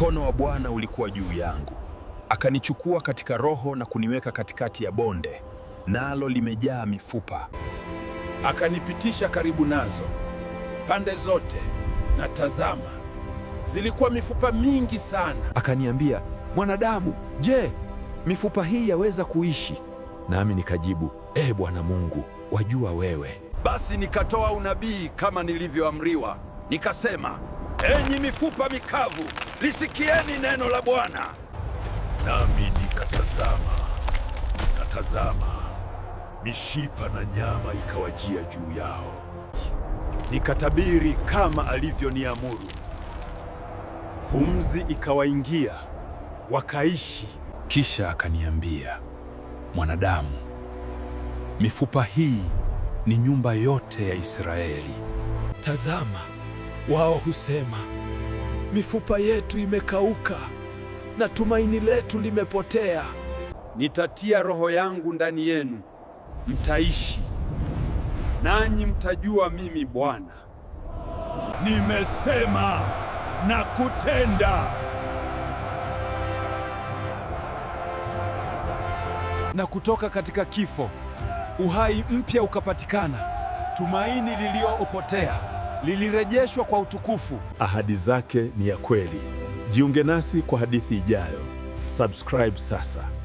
Mkono wa Bwana ulikuwa juu yangu, akanichukua katika roho na kuniweka katikati ya bonde, nalo limejaa mifupa. Akanipitisha karibu nazo pande zote, na tazama, zilikuwa mifupa mingi sana. Akaniambia, mwanadamu, je, mifupa hii yaweza kuishi? Nami nikajibu, e Bwana Mungu, wajua wewe. Basi nikatoa unabii kama nilivyoamriwa, nikasema Enyi mifupa mikavu, lisikieni neno la Bwana. Nami nikatazama, nikatazama, mishipa na nyama ikawajia juu yao. Nikatabiri kama alivyoniamuru. Pumzi ikawaingia, wakaishi. Kisha akaniambia, mwanadamu, mifupa hii ni nyumba yote ya Israeli. Tazama wao husema mifupa yetu imekauka na tumaini letu limepotea. Nitatia roho yangu ndani yenu, mtaishi nanyi mtajua mimi Bwana. Nimesema na kutenda. Na kutoka katika kifo uhai mpya ukapatikana, tumaini liliyopotea lilirejeshwa kwa utukufu. Ahadi zake ni ya kweli. Jiunge nasi kwa hadithi ijayo. Subscribe sasa.